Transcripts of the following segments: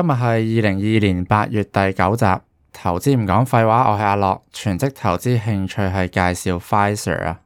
今日係二零二二年八月第九集，投資唔講廢話，我係阿樂，全職投資興趣係介紹輝瑞啊。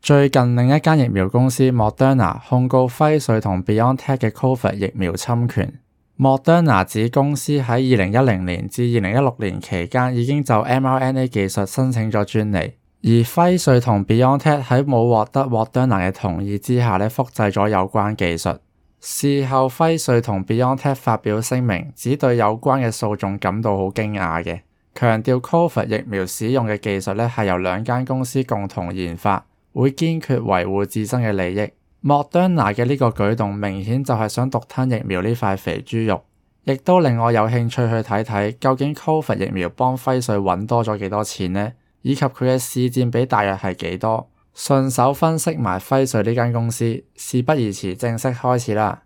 最近另一間疫苗公司莫德納控告輝瑞同 BeyondTech 嘅 Covid 疫苗侵權。莫德納子公司喺二零一零年至二零一六年期間已經就 mRNA 技術申請咗專利，而輝瑞同 BeyondTech 喺冇獲得莫德納嘅同意之下呢，複製咗有關技術。事後輝瑞同 BioNTech 發表聲明，只對有關嘅訴訟感到好驚訝嘅，強調 COVID 疫苗使用嘅技術咧係由兩間公司共同研發，會堅決維護自身嘅利益。莫德納嘅呢個舉動明顯就係想獨吞疫苗呢塊肥豬肉，亦都令我有興趣去睇睇究竟 COVID 疫苗幫輝瑞揾多咗幾多錢呢，以及佢嘅市占比大約係幾多。順手分析埋輝瑞呢間公司，事不宜遲，正式開始啦。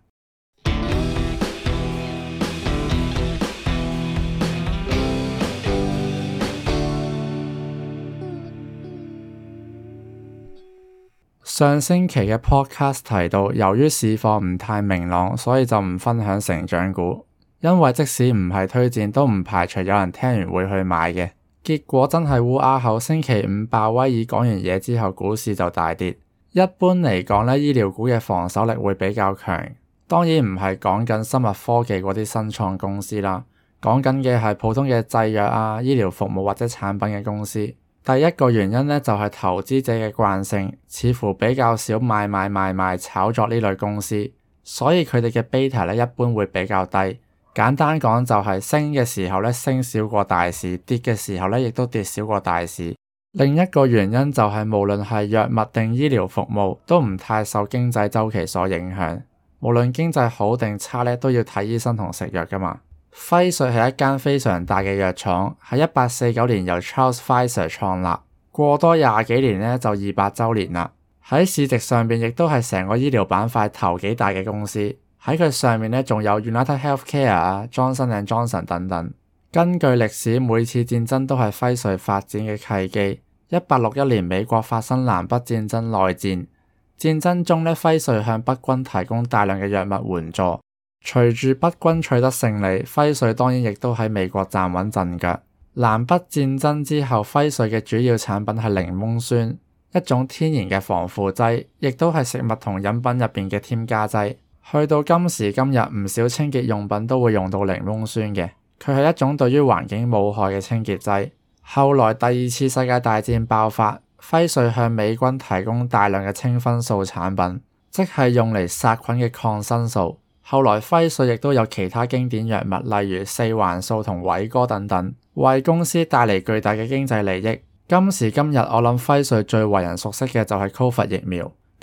上星期嘅 podcast 提到，由於市況唔太明朗，所以就唔分享成長股，因為即使唔係推薦，都唔排除有人聽完會去買嘅。結果真係烏鴉口，星期五鮑威爾講完嘢之後，股市就大跌。一般嚟講呢，醫療股嘅防守力會比較強。當然唔係講緊生物科技嗰啲新創公司啦，講緊嘅係普通嘅製藥啊、醫療服務或者產品嘅公司。第一個原因呢，就係、是、投資者嘅慣性，似乎比較少買買買買炒作呢類公司，所以佢哋嘅 beta 呢一般會比較低。簡單講就係升嘅時候咧升少過大市，跌嘅時候咧亦都跌少過大市。另一個原因就係無論係藥物定醫療服務都唔太受經濟週期所影響。無論經濟好定差咧都要睇醫生同食藥噶嘛。輝瑞係一間非常大嘅藥廠，喺一八四九年由 Charles Pfizer 創立，過多廿幾年咧就二百週年啦。喺市值上面，亦都係成個醫療板塊頭幾大嘅公司。喺佢上面呢，仲有 United Healthcare 啊、Johnson and Johnson 等等。根據歷史，每次戰爭都係輝瑞發展嘅契機。一八六一年，美國發生南北戰爭內戰，戰爭中呢，輝瑞向北軍提供大量嘅藥物援助。隨住北軍取得勝利，輝瑞當然亦都喺美國站穩陣腳。南北戰爭之後，輝瑞嘅主要產品係檸檬酸，一種天然嘅防腐劑，亦都係食物同飲品入邊嘅添加劑。去到今時今日，唔少清潔用品都會用到檸檬酸嘅，佢係一種對於環境冇害嘅清潔劑。後來第二次世界大戰爆發，輝瑞向美軍提供大量嘅青霉素產品，即係用嚟殺菌嘅抗生素。後來輝瑞亦都有其他經典藥物，例如四環素同偉哥等等，為公司帶嚟巨大嘅經濟利益。今時今日，我諗輝瑞最為人熟悉嘅就係 COVID 疫苗。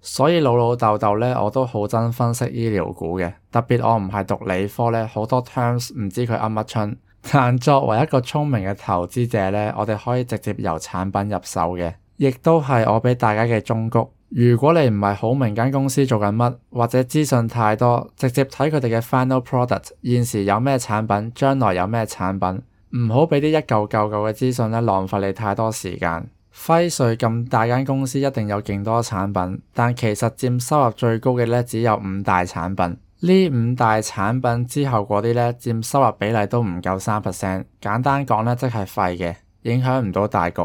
所以老老豆豆咧，我都好憎分析醫療股嘅。特別我唔係讀理科咧，好多 terms 唔知佢噏乜春。但作為一個聰明嘅投資者咧，我哋可以直接由產品入手嘅，亦都係我俾大家嘅忠告。如果你唔係好明間公司做緊乜，或者資訊太多，直接睇佢哋嘅 final product，現時有咩產品，將來有咩產品，唔好俾啲一嚿嚿嚿嘅資訊咧，浪費你太多時間。輝瑞咁大間公司一定有勁多產品，但其實佔收入最高嘅咧只有五大產品。呢五大產品之後嗰啲咧佔收入比例都唔夠三 percent，簡單講咧即係廢嘅，影響唔到大局。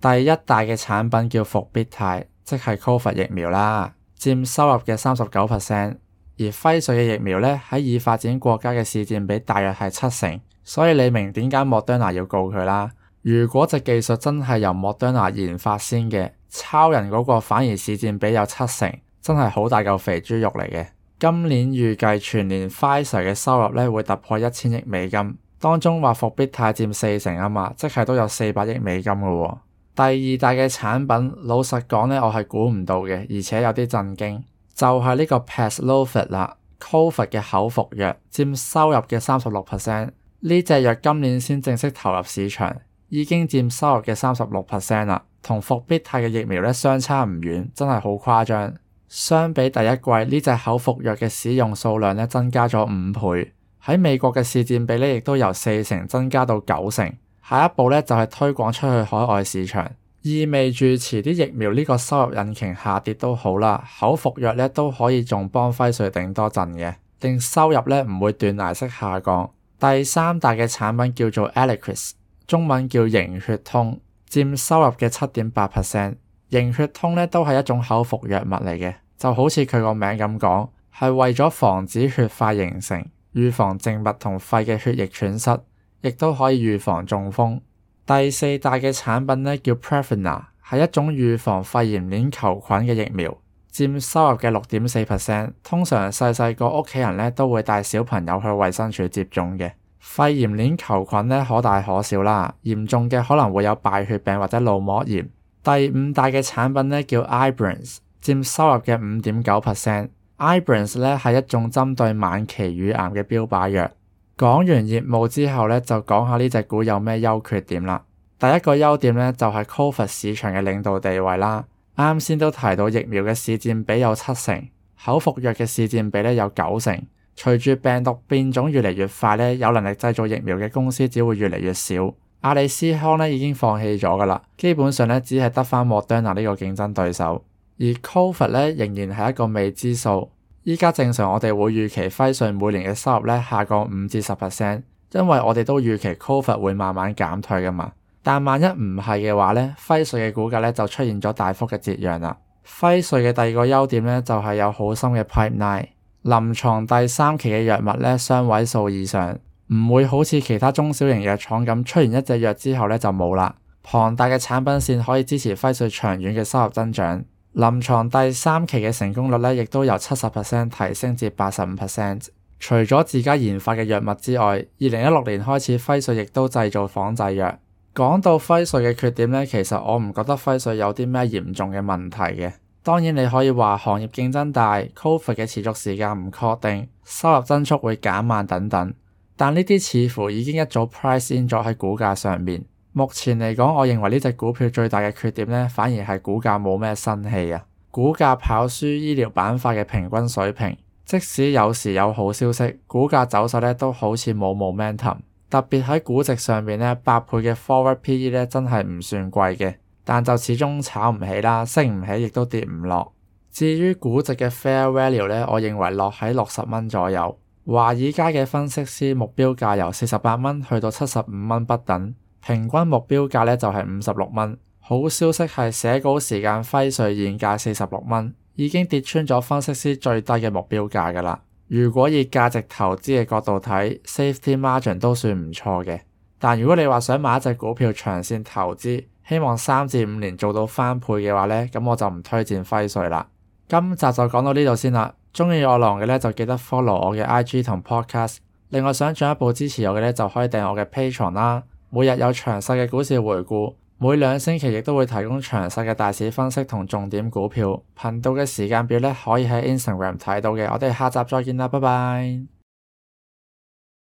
第一大嘅產品叫復必泰，即係 COVID 疫苗啦，佔收入嘅三十九 percent。而輝瑞嘅疫苗咧喺已發展國家嘅市佔比大約係七成，所以你明點解莫丹娜要告佢啦？如果隻技術真係由 Moderna 研發先嘅，超人嗰個反而市佔比有七成，真係好大嚿肥豬肉嚟嘅。今年預計全年 Pfizer 嘅收入咧會突破一千億美金，當中話復必泰佔四成啊嘛，即係都有四百億美金噶喎、哦。第二大嘅產品，老實講咧，我係估唔到嘅，而且有啲震驚，就係、是、呢個 Paxlovid 啦，Covid 嘅口服藥佔收入嘅三十六 percent。呢隻藥今年先正式投入市場。已經佔收入嘅三十六 percent 啦，同伏必泰嘅疫苗咧相差唔遠，真係好誇張。相比第一季呢隻口服藥嘅使用數量咧增加咗五倍，喺美國嘅市佔比咧亦都由四成增加到九成。下一步咧就係、是、推廣出去海外市場，意味住遲啲疫苗呢個收入引擎下跌都好啦，口服藥咧都可以仲幫輝瑞頂多陣嘅，令收入咧唔會斷崖式下降。第三大嘅產品叫做 Eliquis 中文叫凝血通，佔收入嘅七點八 percent。凝血通咧都係一種口服藥物嚟嘅，就好似佢個名咁講，係為咗防止血塊形成，預防靜脈同肺嘅血液損失，亦都可以預防中風。第四大嘅產品咧叫 Prevenar，係一種預防肺炎鏈球菌嘅疫苗，佔收入嘅六點四 percent。通常細細個屋企人咧都會帶小朋友去衛生署接種嘅。肺炎鏈球菌咧可大可小啦，嚴重嘅可能會有敗血病或者腦膜炎。第五大嘅產品咧叫 Ibrance，佔收入嘅五點九 percent。Ibrance 咧係一種針對晚期乳癌嘅標靶藥。講完業務之後咧就講下呢隻股有咩優缺點啦。第一個優點咧就係 COVID 市場嘅領導地位啦。啱先都提到疫苗嘅市占比有七成，口服藥嘅市占比咧有九成。隨住病毒變種越嚟越快咧，有能力製造疫苗嘅公司只會越嚟越少。阿里斯康咧已經放棄咗㗎啦，基本上咧只係得翻莫丹娜呢個競爭對手。而 COVID 咧仍然係一個未知數。依家正常我哋會預期輝瑞每年嘅收入呢，下降五至十 percent，因為我哋都預期 COVID 會慢慢減退㗎嘛。但萬一唔係嘅話呢，輝瑞嘅估價呢就出現咗大幅嘅折讓啦。輝瑞嘅第二個優點呢，就係有好深嘅 pipeline。臨床第三期嘅藥物咧，雙位數以上，唔會好似其他中小型藥廠咁，出完一隻藥之後咧就冇啦。龐大嘅產品線可以支持輝瑞長遠嘅收入增長。臨床第三期嘅成功率咧，亦都由七十 percent 提升至八十五 percent。除咗自家研發嘅藥物之外，二零一六年開始輝瑞亦都製造仿製藥。講到輝瑞嘅缺點咧，其實我唔覺得輝瑞有啲咩嚴重嘅問題嘅。當然你可以話行業競爭大、COVID 嘅持續時間唔確定、收入增速會減慢等等，但呢啲似乎已經一早 price in 咗喺股價上面。目前嚟講，我認為呢隻股票最大嘅缺點呢，反而係股價冇咩新氣啊。股價跑輸醫療板塊嘅平均水平，即使有時有好消息，股價走勢呢都好似冇冇 momentum。特別喺估值上面呢，八倍嘅 forward P/E 呢真係唔算貴嘅。但就始終炒唔起啦，升唔起亦都跌唔落。至於估值嘅 fair value 呢，我認為落喺六十蚊左右。華爾街嘅分析師目標價由四十八蚊去到七十五蚊不等，平均目標價呢就係五十六蚊。好消息係寫稿時間輝瑞現價四十六蚊已經跌穿咗分析師最低嘅目標價噶啦。如果以價值投資嘅角度睇，safety margin 都算唔錯嘅。但如果你話想買一隻股票長線投資，希望三至五年做到翻倍嘅話呢，咁我就唔推薦輝瑞啦。今集就講到呢度先啦。中意我郎嘅呢，就記得 follow 我嘅 IG 同 podcast。另外想進一步支持我嘅呢，就可以訂我嘅 Patreon 啦。每日有詳細嘅股市回顧，每兩星期亦都會提供詳細嘅大市分析同重點股票。頻道嘅時間表呢，可以喺 Instagram 睇到嘅。我哋下集再見啦，拜拜。